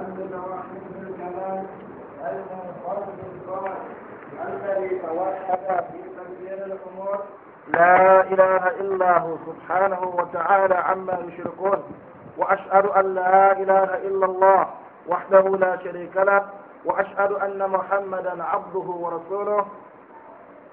المنفرد الذي توحد في الأمور لا إله إلا هو سبحانه وتعالى عما يشركون وأشهد أن لا إله إلا الله وحده لا شريك له وأشهد أن محمدا عبده ورسوله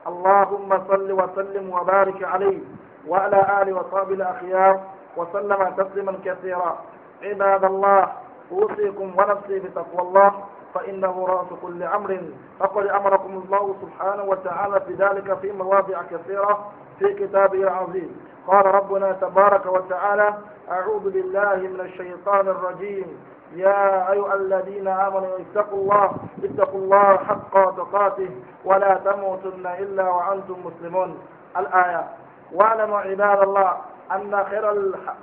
اللهم صل وسلم وبارك عليه وعلى آله وصحبه الأخيار وسلم تسليما كثيرا عباد الله أوصيكم ونفسي بتقوى الله فإنه رأس كل أمر فقد أمركم الله سبحانه وتعالى في ذلك في مواضع كثيرة في كتابه العظيم قال ربنا تبارك وتعالى أعوذ بالله من الشيطان الرجيم يا أيها الذين آمنوا اتقوا الله اتقوا الله حق تقاته ولا تموتن إلا وأنتم مسلمون الآية واعلموا عباد الله أن خير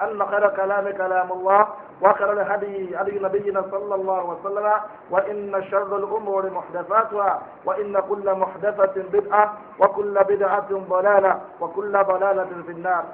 أن خير كلام كلام الله وخير الهدي هدي نبينا صلى الله عليه وسلم وإن شر الأمور محدثاتها وإن كل محدثة بدعة وكل بدعة ضلالة وكل ضلالة في النار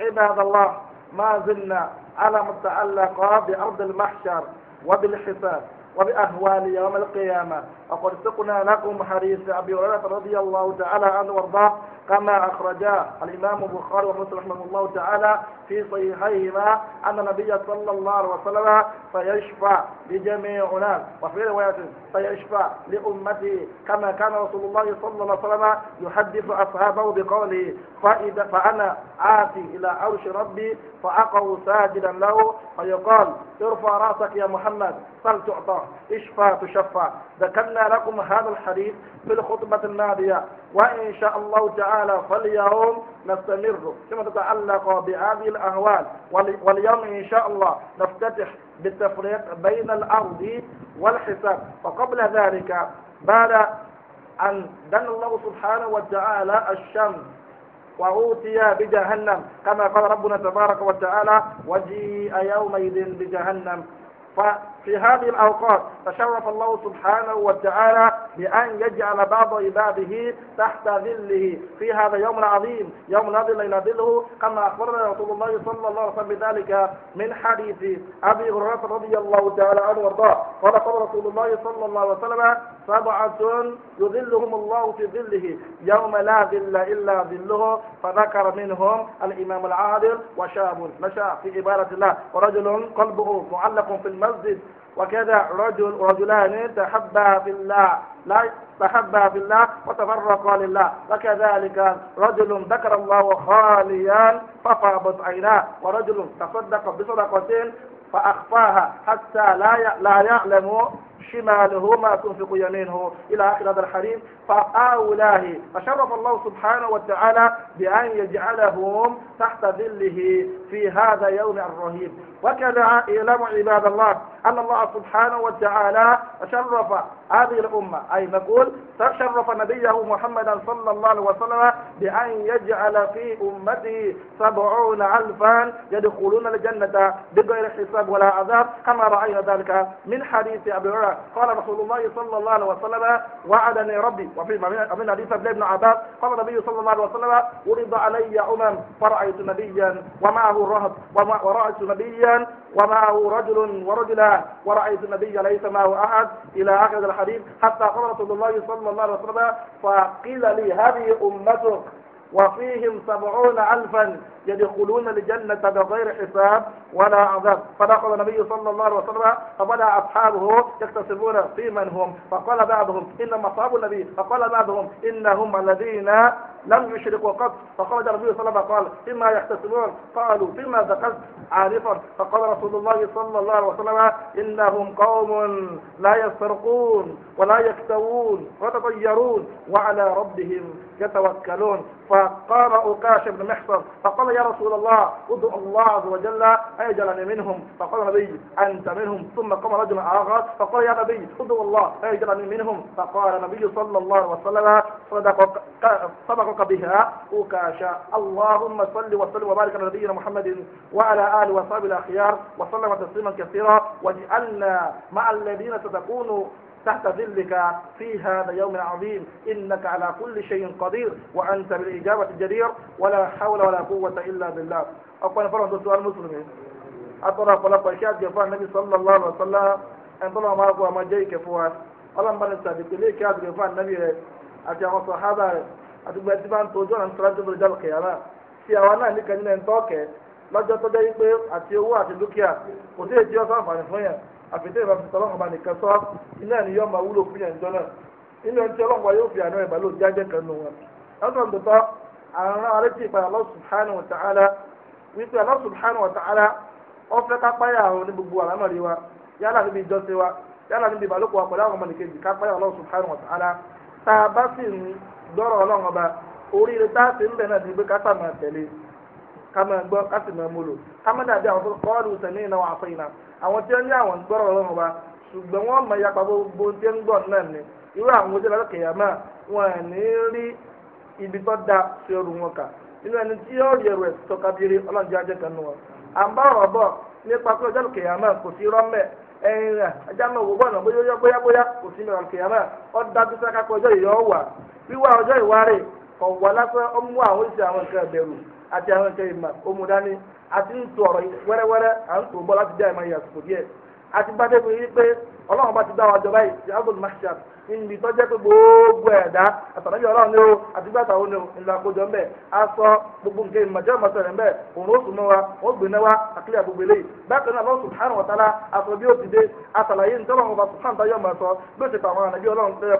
عباد الله ما زلنا على متعلقة بأرض المحشر وبالحساب وبأهوال يوم القيامة وقد سقنا لكم حديث أبي هريرة رضي الله تعالى عنه وارضاه كما أخرجا الإمام البخاري ومسلم رحمه الله تعالى في صحيحيهما أن النبي صلى الله عليه وسلم فيشفع لجميع الناس وفي رواية فيشفع لأمته كما كان رسول الله صلى الله عليه وسلم يحدث أصحابه بقوله فإذا فأنا آتي إلى عرش ربي فأقع ساجدا له فيقال ارفع رأسك يا محمد سل تعطى اشفى تشفى ذكرنا لكم هذا الحديث في الخطبة الماضية وإن شاء الله تعالى فاليوم نستمر كما تتعلق بهذه الأهوال واليوم إن شاء الله نفتتح بالتفريق بين الأرض والحساب وقبل ذلك بعد أن دن الله سبحانه وتعالى الشمس وأوتي بجهنم كما قال ربنا تبارك وتعالى وجيء يومئذ بجهنم ف في هذه الأوقات تشرف الله سبحانه وتعالى بأن يجعل بعض عباده تحت ظله في هذا اليوم العظيم يوم لا ظل إلا ظله كما أخبرنا رسول الله صلى الله عليه وسلم بذلك من حديث أبي هريرة رضي الله تعالى عنه وارضاه قال قال رسول الله صلى الله عليه وسلم سبعة يظلهم الله في ظله يوم لا ظل إلا ظله فذكر منهم الإمام العادل وشاب نشأ في عبادة الله ورجل قلبه معلق في المسجد وكذا رجل رجلان تحبا في الله لا تحبا في الله وتفرقا لله وكذلك رجل ذكر الله خاليا ففاضت عيناه ورجل تصدق بصدقة فأخفاها حتى لا لا يعلم شماله ما تنفق يمينه إلى آخر هذا الحديث فأولاه فشرف الله سبحانه وتعالى بأن يجعلهم تحت ظله في هذا يوم الرهيب وكذا اعلموا عباد الله أن الله سبحانه وتعالى شرف هذه الأمة أي نقول شرف نبيه محمدا صلى الله عليه وسلم بأن يجعل في أمته سبعون ألفا يدخلون الجنة بغير حساب ولا عذاب كما رأينا ذلك من حديث أبي هريرة قال رسول الله صلى الله عليه وسلم وعدني ربي وفي من حديث ابن عباس قال النبي صلى الله عليه وسلم ورد علي أمم فرأيت نبيا ومعه رهب ورأيت نبيا ومعه رجل ورجلا ورأيت النبي ليس معه أحد إلى آخر الحديث حتى قال رسول الله صلى الله عليه وسلم فقيل لي هذه أمتك وفيهم سبعون ألفا يدخلون الجنة بغير حساب ولا عذاب فدخل النبي صلى الله عليه وسلم فبدا أصحابه يكتسبون في من هم فقال بعضهم إنما مصاب النبي فقال بعضهم إنهم الذين لم يشركوا قط فخرج النبي صلى الله عليه وسلم قال فيما يحتسبون قالوا فيما ذكرت عارفا فقال رسول الله صلى الله عليه وسلم إنهم قوم لا يسرقون ولا يكتوون ويتطيرون وعلى ربهم يتوكلون فقام أكاش بن محصن فقال يا رسول الله ادعو الله عز وجل أجلني منهم فقال النبي أنت منهم ثم قام رجل آخر فقال يا نبي ادعو الله أجلني منهم فقال النبي صلى الله عليه وسلم صدقك, صدقك بها أكاش اللهم صل وسلم وبارك على نبينا محمد وعلى آله وصحبه الأخيار وسلم تسليما كثيرا واجعلنا مع الذين ستكون تحت ظلك في هذا يوم عظيم إنك على كل شيء قدير وأنت بالإجابة جدير ولا حول ولا قوة إلا بالله أقول فرحة سؤال المسلمين. أترى فلقى إشاد جفاء النبي صلى الله عليه وسلم أن طلع ما أقوى ما جايك فوات ألم بني سابق ليه كاد جفاء النبي أتى وصحابة أتبع أتبعان توجون أن ترد برجال القيامة في أوانا نكا نين توكي lọ́jọ́ tó jẹ́ wípé àti owó àti dúkìá kò sí èjì àfitẹ́ ìbá fi sọlọ́n ọba nìkan sọ iná ni yọ́ọ́ máa wúlò fún yẹn jọ náà inú ẹni tí ọlọ́wọ́ yóò fi àná ìbálò jájẹ́ kan nù wọn. lọ́sàn tòótọ́ àrùn arétí ìpadà Allah subhanahu wa ta'ala wípé Allah subhanahu wa ta'ala ọ fẹ́ ká páyà àrùn ní gbogbo àlámọ̀rí wa yálà níbi wa yálà níbi ìbálòpọ̀ àpẹẹrẹ àwọn ọmọ nìkejì ká páyà tá a bá sì ń gbọ́rọ̀ ọlọ́run ọba oríire tá a ti ń bẹ̀ àwọn tí awụ ní àwọn gbọ́rọ̀ ọlọ́run wa ṣùgbọ́n wọn mọ ìyapa gbogbo tí ń gbọ́ náà ni irú àwọn ojú lọ́dọ̀ kẹyàmá wọn à ní rí ibi tó da sí ọrù wọn kà nínú ẹni tí yóò rí ẹrù ẹ̀ ka ọlọ́njẹ́ ajẹ́ kan nù wọn. à ń bá ọ̀rọ̀ bọ̀ nípa pé ọjọ́ kẹyàmá kò sí ajá wò bóyá bóyá àti àwọn ìṣe ìmọ̀ omudani àti ntò ọ̀rọ̀ wẹ́rẹ́wẹ́rẹ́ à ń tò bọ́ láti dá ìmọ̀ ìyà sòkò díẹ̀ àti bàtẹ́ fún yín pé ọlọ́run bá ti dá wa jọba yìí a mashab níbi tọ́jẹ́ pé gbogbo ẹ̀dá àtàlẹ́bí ọlọ́run ni o àti gbàtà òun ni o aṣọ gbogbo nǹkan ìmọ̀jẹ́ òun ó wa ó gbé náwa àkílẹ̀ bákan náà aṣọ bí ó ti dé àtàlàyé wa yọ̀ bí ó ti ọlọ́run tẹ́lẹ̀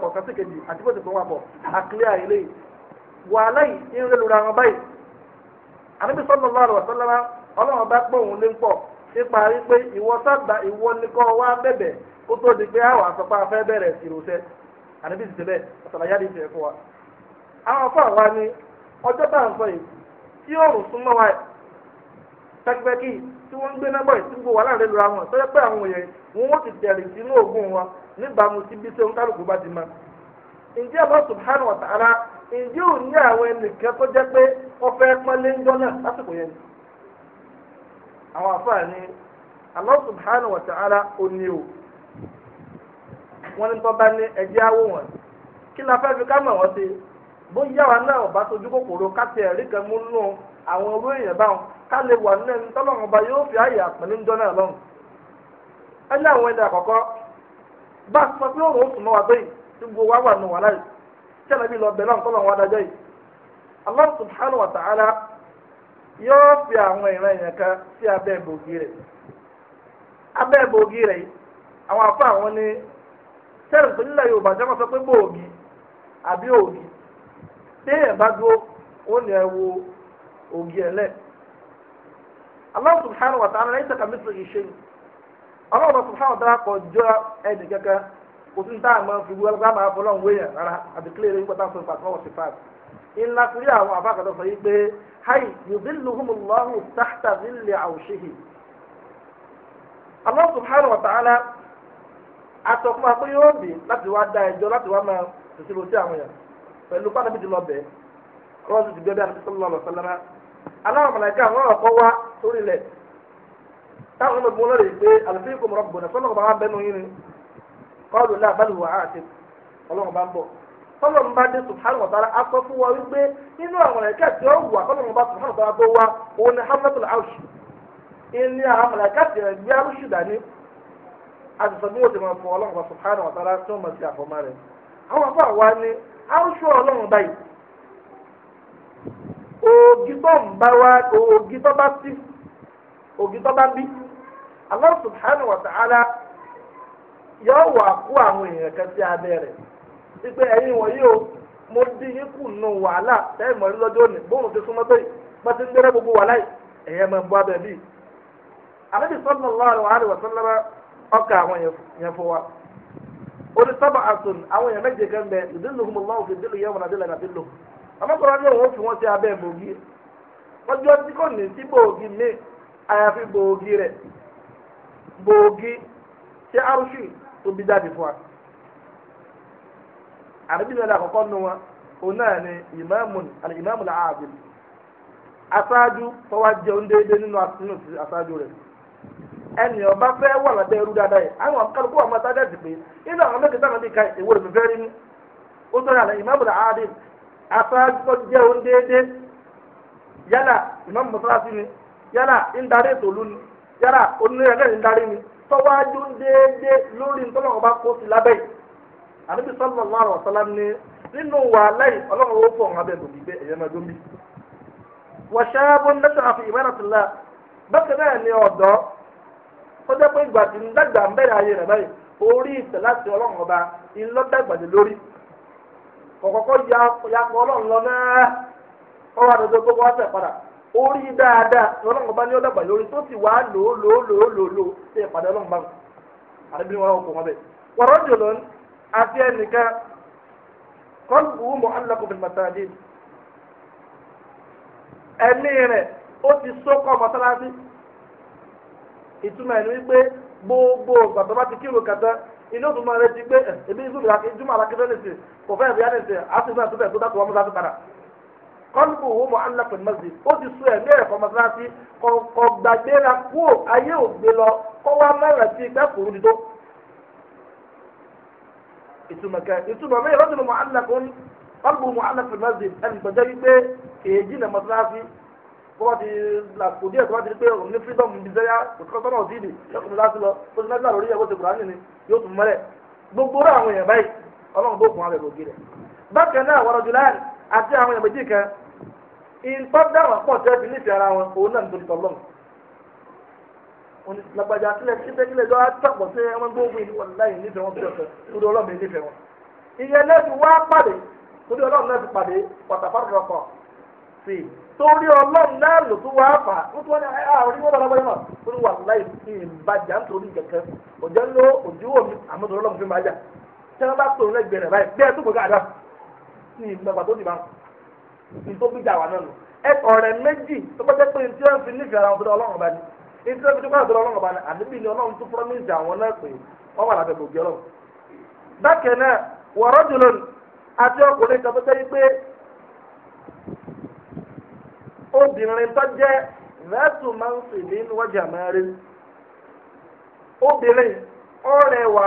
pọ̀ àníbi sọ́nà lọ́rọ̀ wọ̀sọ́lọ́wọ́ ọlọ́run bá pé òun lé ń pọ̀ nípa wípé ìwọ sábà ìwọ nìkan wá bẹ̀bẹ̀ kó tó di pé àwọn àsọpá afẹ́ bẹ̀rẹ̀ ìrọ̀sẹ́ àníbi sì tẹ́lẹ̀ ọ̀sàlàyà lè tẹ̀ fún wa. àwọn afọ àwa ni ọjọ́ bá ń sọ yìí tí òòrùn súnmọ́ wa pẹ́kipẹ́kì tí wọ́n ń gbé náà bọ̀yì tí gbogbo wà láàrin lura wọn tó pé àwọn èèyàn wọn ti tẹ̀rì sínú òògùn wọn níbàámu sí bí sẹ́wọ́n kálukú bá ti máa ǹjẹ́ Allah subhanahu wa ta'ala ǹjẹ́ ò ní àwọn ẹnìkan tó jẹ́ pé wọ́n fẹ́ pọ́nlé ń dọ́là lásìkò yẹn ni. àwọn àfáà ni Allah subhanahu wa ta'ala ò ní o wọ́n ní tó bá ní ẹjẹ́ awó wọn kí la fẹ́ fi ká mọ̀ wọ́n sí wa náà ọba sojú kòkòrò ká rí kan mú nù àwọn orú èèyàn báwọn ká lè wà nínú ẹni tọ́lọ́run ọba yóò fi àyè àpẹẹrẹ ń dọ́nà lọ́run. ẹni àwọn ẹni àkọ́kọ́ bá a sọ pé òun ò sùn mọ́ wa tí gbogbo wa wà nù wà láyé lọ bẹ̀rẹ̀ nǹkan lọ́wọ́ yìí subhanahu wa ta'ala yóò fi àwọn ìran èèyàn kan sí abẹ́ ìbògì rẹ̀ ni Yorùbá sọ pé bòògì àbí òògì bá dúró ẹ wo òògì subhanahu wa ta'ala subhanahu wa ta'ala kò sí ma a fi wúwo ká máa fọlọ́n wéyàn na àti kílè rẹ̀ nígbàtà fún ìpàtàn wọ̀ sí fáà ńlá torí àwọn afáàkàtọ̀ sọ yìí pé hayi yudhilluhumullahu tahta dhilli arshihi Allah subhanahu wa ta'ala atọ́kùnmá pé yóò bì láti wá da ẹjọ́ láti wá máa tòṣìlò sí lọ sọ́lá kọ́ọ̀lù náà bá lù wá àti ọlọ́run bá ń bọ̀ tọ́lọ́run bá dé subhanahu wa ta'ala akọ fún wa wípé nínú àwọn tí ó wà bá subhanahu wa ta'ala wá òun ni ìní àwọn tí ẹ̀ gbé arúṣù dání bí wọ́n ti máa fọ ọlọ́run bá subhanahu wa ta'ala tí wọ́n máa ti ni arúṣù ọlọ́run báyìí ògì tó ń bá wa ògì tó bá yọ wà kó àwọn èèyàn kan sí o mo dín yín kù nù wàhálà tẹ́ẹ̀ mọ̀ ní lọ́jọ́ òní bóun ti súnmọ́ tó yìí ń gbẹ́rẹ́ gbogbo wàhálà yìí ẹ̀yẹ́ máa ń bọ́ abẹ́ sọ́nà ọkà àwọn yẹn fún wa. ó ní sábà àtún àwọn èèyàn méje kan bẹ ìdílùkùn lọ́wọ́ fi dìlù yẹn wọn àdìlẹ̀ nàbí ọmọkùnrin náà wọ́n fi tí kò ní tó bí jáde fún wa àrẹ́bìnrin rẹ̀ àkọ́kọ́ nu wọn òun náà ni ìmáàmù làábìl aṣáájú tọ́wá jẹun déédéé nínú aṣáájú rẹ̀ ẹnì ọba fẹ́ wà lábẹ́ dáadáa yìí àwọn kálukú àwọn inú àwọn mẹ́kẹ̀ẹ́ sábà ká ìwé rẹ̀ fẹ́ rí mú ó jẹun déédéé yálà mọ́sálásí ni yálà ètò ni yálà tọ́wájú déédé lórí ntọ́lọ́wọ́ bá kó sí lábẹ́ yìí àníbi sọ́lọ́ lọ́rọ̀ ọ̀sọ́lá ní nínú wà lẹ́yìn ọlọ́run ó fọ̀ ọ̀hún abẹ́ gòmí bẹ́ ẹ̀yẹ́ máa dómi. wọ̀ṣáàbọ̀ nẹ́tọ̀ àfi ìmọ̀ràtìlá bákan náà ni ọ̀dọ́ tó jẹ́ pé ìgbà tí ń dàgbà ń bẹ̀rẹ̀ ayé rẹ̀ báyìí orí ìtẹ̀ láti ọlọ́run ọba ìlọ́ orí dáadáa ni ọlọ́run bá ní ọlọ́gbà lórí tó sì wá lòó lòó lòó lòó lòó ṣe ìpàdé ọlọ́run bá àdébìnrin wọn kò wọn bẹ. wọ́rọ̀ jòló àti ẹnìkan kọ́lùkù mọ́ màtàdé ẹni rẹ̀ ó ti sókọ́ mọ́sálásí ìtumọ̀ ẹni wípé gbogbo gbàgbọ́ bá ti kírun kàtá inú òtún mọ́ ti gbé ìzúmọ̀ kọ́ńbù wo mọ̀ alápẹ̀ mọ́sí ó ti sún ẹ̀mí ẹ̀ kọ́ mọ́sáàsì kọ́ gbàgbéra kú ayé ògbé lọ kọ́ wá mẹ́rin sí ìgbà kúrú dídó. ìtumọ̀ kẹ́ ìtumọ̀ bẹ́ẹ̀ rọ́dùnú mọ̀ alápẹ̀ kọ́ńbù mọ̀ alápẹ̀ mọ́sí ẹnì gbọ́dọ̀ wípé èjì nà mọ́sáàsì kọ́ba ti la kò díẹ̀ kọ́ba ti di pé òun ní freedom bí sẹ́yà òtítọ́ tọ́nà òsì ìdì lẹ́kùn mi láti lọ ó ti mẹ́tàlá lórí ẹ̀kọ́ ti kùránì ni yóò tún mọ́lẹ̀ gbogbo rẹ̀ àwọn èèyàn báyìí ọlọ́run bó kún alẹ́ lògì rẹ̀ bákan náà wọ́n rọ̀ jùlọ àti àwọn èèyàn méjì kan ìtọ́ dá wọn pọ̀ tẹ́ fi nífẹ̀ẹ́ ara wọn òun náà nítorí tọ́lọ́ lágbàjá sílẹ̀ síbẹ̀ sílẹ̀ lọ́wọ́ àtàpọ̀ sí ẹwọn gbóògùn ìlú wọn láyé nífẹ̀ẹ́ wọn bí ọ̀sẹ̀ torí ọlọ́run yìí nífẹ̀ẹ́ wọn. ìyẹn lẹ́sìn wá pàdé torí ọlọ́run náà ti pàdé pàtàkì rọpọ̀ sí i torí ọlọ́run náà lò tó wá fà nítorí wọn ni àwọn ìwọ́n lọ́wọ́ yìí mọ̀ torí wà láyé ní ìbàjá ah, nítorí kẹ̀kẹ́ òjò ń lo òjò wò mí àmọ́ torí ọlọ́run fi máa jà tí wọ́n bá tòun lẹ́gbẹ̀ẹ́ rẹ̀ báyìí bí ẹ tó gbọ́dọ̀ àdá ní ìgbàgbà tó ti bá ní tó bí jà náà nù ẹ ọ̀rẹ́ méjì tó bá pé ní tí fi nífẹ̀ẹ́ ara wọn tó ọlọ́run bá ní tí fi nífẹ̀ẹ́ ọlọ́run ọba ní àdébí ni ọlọ́run tó promise àwọn náà pé wọ́n wà bákẹ́ náà wọ̀rọ̀ jùlọ àti ọkùnrin kan tó jẹ́ pé obìnrin tó jẹ́ máa ń ní wájà máa rí obìnrin ọ̀rẹ́ wà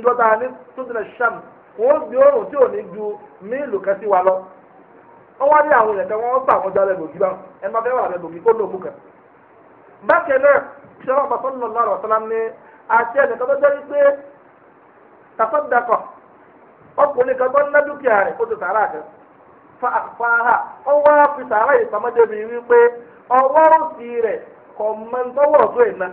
a ní sódìlẹ̀ sham wọ́n gbé oòrùn tí ò ní ju míìlù kan wa lọ wọ́n wá ní àwọn èèyàn kan wọ́n gbà wọ́n já lẹ́gbòógì bá ẹ máa fẹ́ wà lẹ́gbòógì kó lóògùn kan. na náà ṣọlá ọba sọ́nà lọ́rọ̀ ní àti tó jẹ́ wípé ọkùnrin kan tó ń rẹ̀ kó tó fa ó wá fi débi wípé ọwọ́ òsì rẹ̀ kọ̀ mọ́ ń tọ́wọ́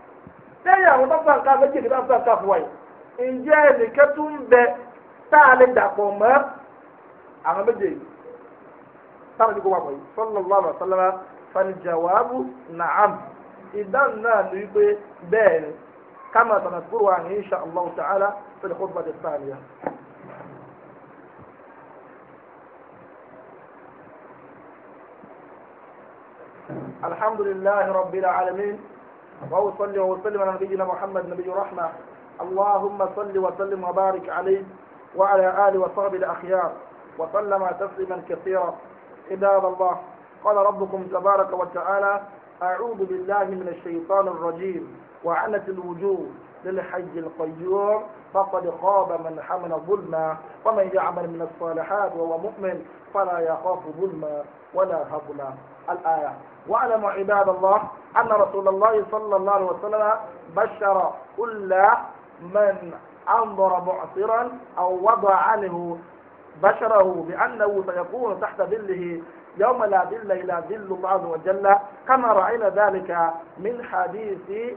lẹ́yìn àwọn bàbá nǹkan méjì ní bàbá ka fún wa yìí ǹjẹ́ ẹnìkan tún bẹ tá a lè dàpọ̀ mọ́ àwọn pọ̀ yìí sallallahu alaihi wasallam fanijawabu na'am ìdáhùn náà idan wípé bẹ́ẹ̀ ni kama sanadkuru wa ni insha allah ta'ala fi khutbah ath-thaniya. alhamdulillahi rabbil alamin. وأصلي وأسلم على نبينا محمد نبي رحمة اللهم صل وسلم وبارك عليه وعلى آله وصحبه الأخيار وسلم تسليما كثيرا عباد الله قال ربكم تبارك وتعالى أعوذ بالله من الشيطان الرجيم وعنت الوجوه للحي القيوم فقد خاب من حمل ظلما ومن يعمل من الصالحات وهو مؤمن فلا يخاف ظلما ولا هبلا الآية واعلموا عباد الله أن رسول الله صلى الله عليه وسلم بشر كل من أنظر معصرا أو وضع عنه بشره بأنه سيكون تحت ظله يوم لا ظل إلا ظل الله عز وجل كما رأينا ذلك من حديث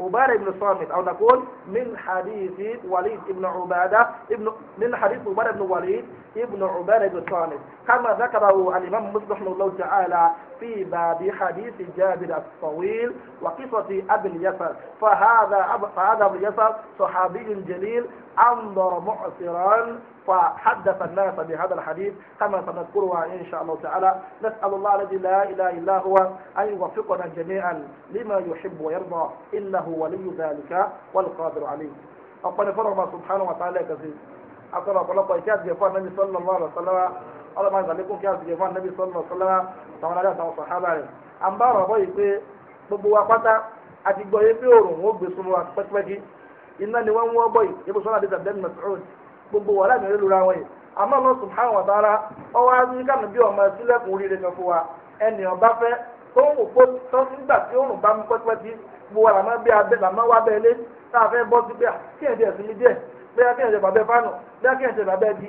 عبادة بن صامت أو نقول من حديث وليد بن عبادة ابن من حديث عبادة بن وليد ابن عبادة بن صامت كما ذكره الإمام مسلم رحمه الله تعالى في باب حديث جابر الطويل وقصة أبي اليسر فهذا أب... فهذا أبو اليسر صحابي جليل أنظر معصرا فحدث الناس بهذا الحديث كما سنذكرها إن شاء الله تعالى نسأل الله الذي لا إله إلا هو أن يوفقنا جميعا لما يحب ويرضى إنه ولي ذلك والقادر عليه أقول فرما سبحانه وتعالى كثير أقول أقول أقول كيف جفان النبي صلى الله عليه وسلم أقول ما يزالكم كيف جفان النبي صلى الله عليه وسلم سواء لا سواء صحابة أم بارا بوي بي ببوا قطع أتبوا يبيورون وبسموا أتبوا iná ni wọ́n ń wọ́ bọ̀ yìí ibi sọ́nà àdìsá bẹ́ẹ̀ mẹ́sàn-án gbogbo wàhálà ìrìn lura wọn yìí àmọ́ lọ subhanahu wa ta'ala ọwọ́ ní kàmí bí ọmọ sílẹ̀kùn oríire kan fún wa ẹnì ọba fẹ́ tó ń wò pé tó ń gbà tí òun bá mú pẹ́pẹ́tì mo wà làmọ́ bí abẹ́ làmọ́ wá bẹ́ẹ̀ lé tá a fẹ́ bọ́ sí pé ah, kí ẹ̀jẹ̀ sí mi díẹ̀ bí akẹ́yẹ̀jẹ̀ bàbẹ́ fánù bí akẹ́yẹ̀jẹ̀ bàbẹ́ di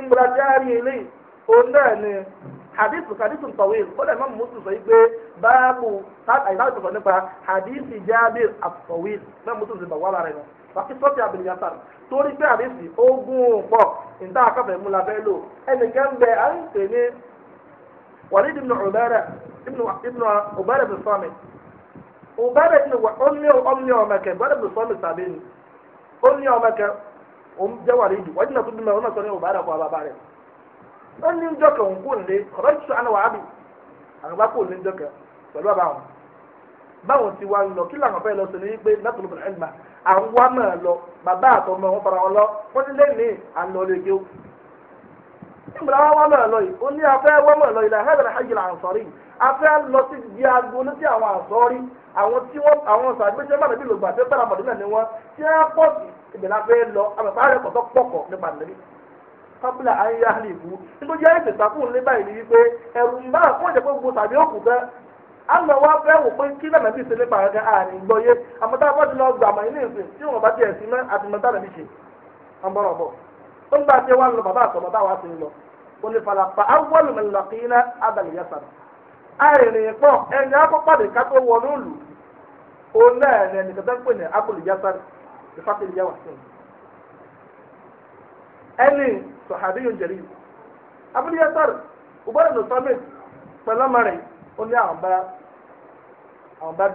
ńgbọ́dọ̀ tí a ni tawil ó lè má mú sùn sọ yìí pé báàbù àyíká tó sọ nípa hadithi jábìr àtọwil má mú sùn sọ wà lára rẹ̀ wàkí sọ́ọ̀tì àbìlíyàtà torí pé hadithi ó gún pọ̀ níta àkàfẹ́ mú ibn ibn Samit ibn ni òun jẹ́ wà lédu wájú náà tó dùn mẹ́ òun náà sọ ní ọba àdàkọ àbàbà rẹ̀ wọ́n ní njọ́ kan kó lè ọ̀rọ̀ ìṣọ́ àná wàá bì àgbà kó lè njọ́ kan pẹ̀lú bàbá wọn báwọn ti wá ń lọ kí làwọn fẹ́ lọ sí ní pé látòlù bẹ̀rẹ̀ ẹ̀ mà à ń wá náà lọ bàbá àtọmọ wọn fara wọn lọ wọn ti lẹ́yìn ní à ń lọ lè gé o. wọn wá náà lọ yìí ó ní afẹ́ wọ́n mọ̀ lọ yìí ìbẹ̀lẹ̀ afẹ́ lọ àbẹ̀fà rẹ̀ pọ̀tọ́ pọ̀kọ̀ nípa nàbí kábílà ayé alẹ́ ìbú nítorí ayé tètè fún ní báyìí ni wípé ẹ̀rù ń bá gbogbo tàbí òkú fẹ́ àmọ́ wá fẹ́ wò pé kí náà yé a bọ́ ti lọ gbà àmọ́ ilé ìsìn tí wọn bá tiẹ̀ sí mẹ́ àti mọ́tà nàbí ọmọràn bọ̀ ó ń bá tiẹ̀ wá lọ bàbá àtọ̀mọ́ táwa ti lọ ó ní بفتح الياء والسين قال لي صحابي جليل أبو اليسار وبرد الصامت سلام عليه قل لي أعبا أعبا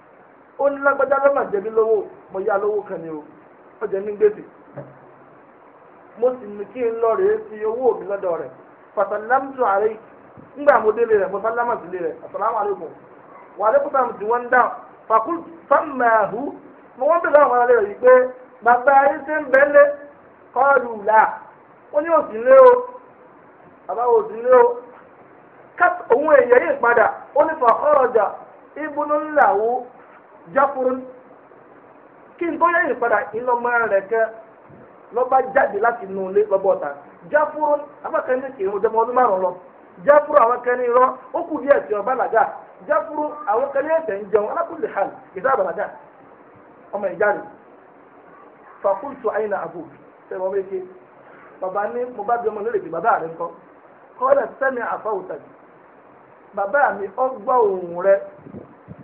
ó ní lágbájá ló mà jẹ lówó mo o ó jẹ mí gbèsè mo sì ní kí n lọ rèé fi owó mi lọ́dọ̀ rẹ̀ fàtàlámùtò àárẹ̀ ńgbà mo délé rẹ̀ mo sálámà sílé rẹ̀ àsàlámù àlékún wà á lẹ́kùn sàmùtì wọn dá fàkúl fàmàhù mo wọ́n bẹ̀rẹ̀ àwọn alẹ́ rẹ̀ yìí pé bàbá ayé ṣe ń là ó ní òsì o bàbá òsì lé o òun èyẹ yìí padà ó ní ọjà ńlá wo jáfurun kí n tó yẹ̀yìn padà iná máa rẹ̀ kẹ́ lọ́ba jáde láti inú ilé lọ́bọ̀ ọ̀tá jáfurun abákan kì í ọjọ́ ọdún márùn lọ jáfuru àwọn kan ní ó kù díẹ̀ tí ọba làjà àwọn ẹ̀sẹ̀ ń jẹun hàn ọmọ ìjà rẹ̀ fàkúntù àyìnà àbò méje bàbá ni mo bá bí ọmọ lórí bàbá rẹ̀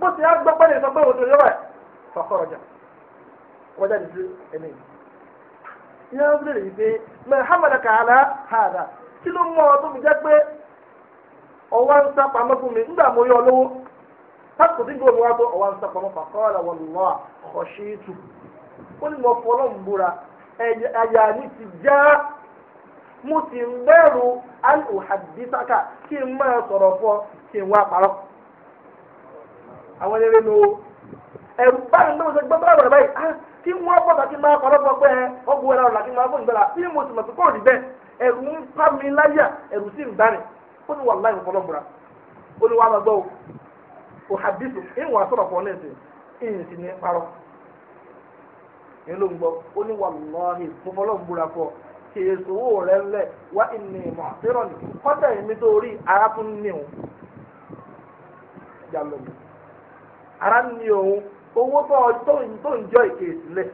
bó ti á gbọ́ pẹ́lẹ́ sọ pé òdo yọ wẹ̀ fọkọ́ wọ́n jáde sí ẹni yìí. ìyá ń yìí pé mẹ kàlá hàdà kí ló mọ ọdún mi jẹ́ pé ọwọ́ ń sá pamọ́ fún mi nígbà mo yọ ọ lówó táàkù tí gbòòrò wa tó ọwọ́ ń sá pamọ́ fàkọ́ọ̀lá wọn lọ́ ọ̀ṣẹ́ ètò ó ní mo àwọn eré nu o báyìí ló ń sọ gbọ́dọ̀ àgbàdo báyìí ah kí wọ́n bọ̀ kí máa kọ́ lọ́pọ̀ pé ọgbọ̀n ẹ̀rọ máa bí mo sì mọ̀ sí kó rí bẹ́ẹ̀ ẹ̀rù ń pa mi láyà ẹ̀rù sì ń ó ní wàhálà ìwọ̀n ó ní wàhálà gbọ́ o hadisu ìwọ̀n asọ̀rọ̀ fọ́ ìyìn sì ní parọ́ ló ń gbọ́ ara ń ní òun owó tó ń jọ ìkè sílẹ̀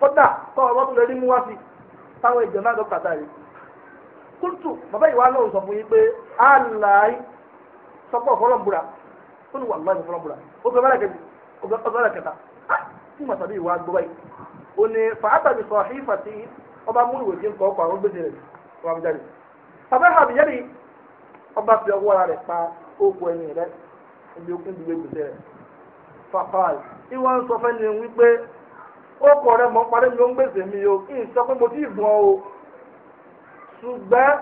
kódà tó ọ̀rọ̀ tó lè rí mú wá sí táwọn èèyàn náà dọ́kítà táyé kótó bàbá ìwà náà sọ fún yín pé àlàyé sọpọ̀ fọlọ́mbùrà ó ní wàlúwàlú fọlọ́mbùrà ó fẹ́ ó fẹ́ kẹta ah! tí ìwà gbọ́ ó ní sọ tí ọba ọkọ̀ àwọn ibi okun ibi gbèsè rẹ̀ fàkàl ìwọ ń sọ fẹ́ni wípé ó kọ̀ rẹ̀ mọ́ parí mi ó ń gbèsè mi o kí n sọ pé mo ti bọ̀ o ṣùgbọ́n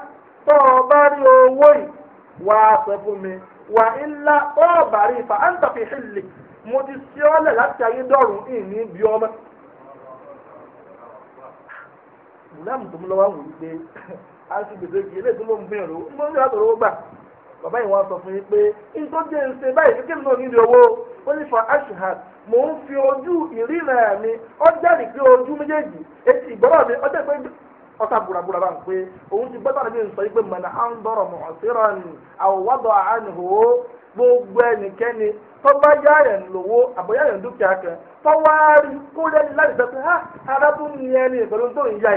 tó o bá rí owó yìí wà á sọ fún mi wà á ńlá ó bá rí ifá á ń tàfi hìlì mo ti ṣe ọ́ lẹ̀ láti ayé dọ̀rùn ìní bí ọmọ. bùnà mùtòmùlọ́wọ́ wù ú pé a ti gbèsè kì í lè tó ló ń gbìyànjú ó ń bọ́ sí àtọ̀rọ̀ gbà. bàbá yìí wá sọ fún yín pé ìtọ́jú ẹ̀ǹsẹ̀ báyìí kékeré náà nílò owó ó ní fa ashhad mò ń fi ojú ìrìnà mi ọjà ní pé ojú méjèèjì etí ìgbọ́rọ̀ mi ọjà pé ọta burabura bá ń pé òun ti gbọ́dọ̀ níbi nsọ yìí pé mọ̀nà à ń dọ̀rọ̀ mọ̀ gbogbo ẹnikẹ́ni tó bá yá lówó ha ara tó ń ìpẹ̀lú tó ń yá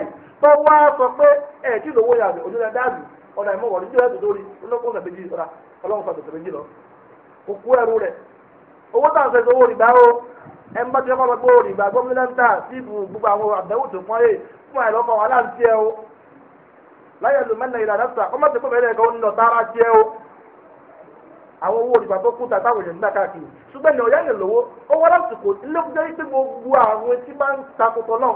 yìí ọ̀nà ìmọ̀ wọ̀ níjọ́ ẹ̀dùn lórí olóko ọ̀nà méjì ọ̀nà ọlọ́run fa tètè méjì lọ. kò kú ẹrú rẹ̀ owó tá à ń sẹ́sẹ̀ owó rìbá o ẹ ń bá ti ọkọ̀ lọ pé rìbá gómìnà ń tà sí ìbù gbogbo àwọn àbẹ̀wò tó pọ́n yé fún àìlọ́kọ̀ wà láà ń tiẹ̀ o láyé lu mẹ́lẹ̀ ìlànà sà kọ́ má ti kó bẹ̀rẹ̀ kan nínú tààrà tiẹ̀ o àwọn owó rìbá tó kúta táwọn èèyàn ń káàkiri ṣùgbọ́n ní ọ̀yá ìlẹ̀ lówó ó wá lásìkò ilé kúndé gbogbo àwọn tí máa ń takùtọ̀ náà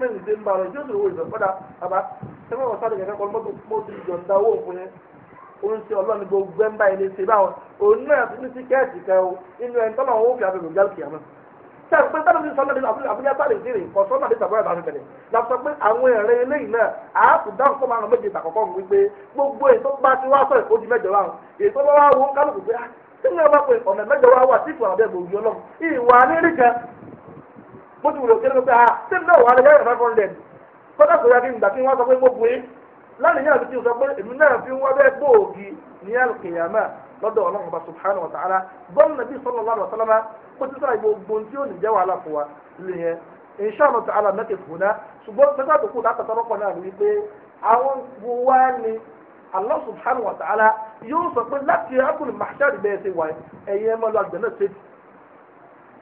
pé ǹdé ń bá yóò sì wo ìbẹ̀ fọ́dà bàbá ṣé wọ́n sáré kẹ̀kẹ́ kọ́ mọ́tò mọ́tò ìjọba owó òfin yẹn ó ṣe ọlọ́ọ̀ni gbogbo ẹ̀ ń bá ilé ṣe báwọn òun náà ti ní tíkẹ́ẹ̀tì kan o inú ẹ̀ ń tọ́nà owó fi àbẹ̀bẹ̀ gbá kìá náà sẹ́ẹ̀ pé sáré ní sọ́nà àbújá sáré ìdíre kọ̀sọ́nà àti ìtàkùrẹ́ àbáfẹ́ bó ti wùlò kéré pé ah ṣé náà wà lẹ́yìn five hundred kọ́dà kò yá kí n gbà kí wọ́n sọ pé mo bu yín lánàá yàrá ti sọ pé èmi náà fi wọ́n bẹ́ẹ̀ gbòògì ní alùkìyàmà lọ́dọ̀ ọlọ́run subhanahu wa ta'ala bọ́ọ̀lù nàbí sallallahu alaihi wa sallama ti sọ̀rọ̀ gbogbo tí ó ní wàhálà fún wa lè yẹn insha Allah ta'ala fún Allah subhanahu wa ta'ala yóò sọ pé láti akul mahshar bẹ́ẹ̀ wáyé ẹ̀yẹ́ mọ́lú àgbẹ̀ náà ṣe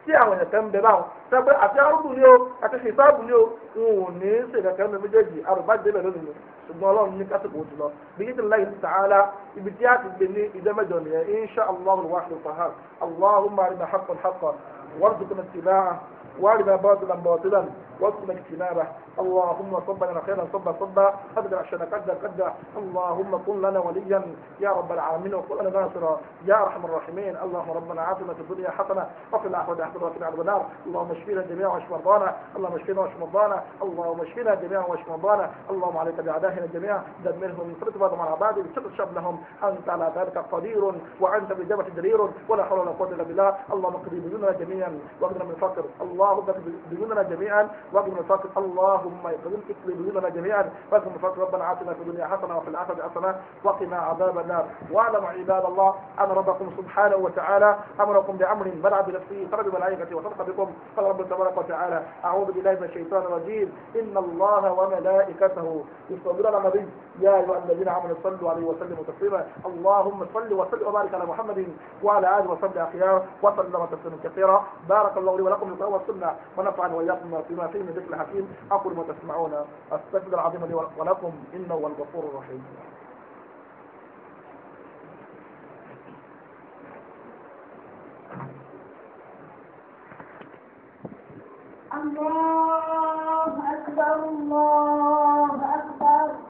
tí àwọn èèyàn kan ń bẹ báwọn sẹgbẹ àti arúgbó ni o àti fìfáàbù ni o n ò ní ṣe kankan ní méjèèjì àrùbá débẹ̀ lónìí ni ṣùgbọ́n ọlọ́run ní kásìkò òtún lọ bíi ti láyé tààlà ibi tí a ti gbé ní ìjọ mẹ́jọ nìyẹn insha allahu alwahid alfahar allahumma arina haqqan haqqan warzuqna ittiba'ah warina batilan batilan. وارزقنا اجتنابه اللهم صب لنا خيرا صب صب قدر عشان قدر قدر اللهم كن لنا وليا يا رب العالمين وكن لنا ناصرا يا ارحم الراحمين اللهم ربنا عافنا في الدنيا حسنه وفي الاخره حسنه وفي عذاب النار اللهم اشفينا جميعا واشف مرضانا اللهم اشفينا واشف مرضانا اللهم اشفينا جميعا واشف مرضانا اللهم عليك باعدائنا جميعا دمرهم وفرج بعضهم على بعض وشر شر لهم انت على ذلك قدير وانت بالاجابه جرير ولا حول ولا قوه الا بالله اللهم اقضي ديوننا جميعا واقضنا من الفقر اللهم اقضي ديوننا جميعا وابن مرفاتك اللهم يقبل اكل ذنوبنا جميعا وابن مرفاتك ربنا عاتنا في الدنيا حسنة وفي الآخرة حسنة وقنا عذاب النار واعلموا عباد الله أن ربكم سبحانه وتعالى أمركم بأمر بلع بنفسه فرد بملائكته وصدق بكم قال رب تبارك وتعالى أعوذ بالله من الشيطان الرجيم إن الله وملائكته يصلون على النبي يا أيها الذين آمنوا صلوا عليه وسلموا تسليما اللهم صل وسلم وبارك على محمد وعلى آله وصحبه أخيار وسلم تسليما كثيرا بارك الله لي ولكم في القرآن والسنة ونفعني وإياكم فيما فيه الرحيم ذكر الحكيم أقول ما تسمعون أستغفر العظيم لي ولكم إنه هو الغفور الرحيم الله أكبر الله أكبر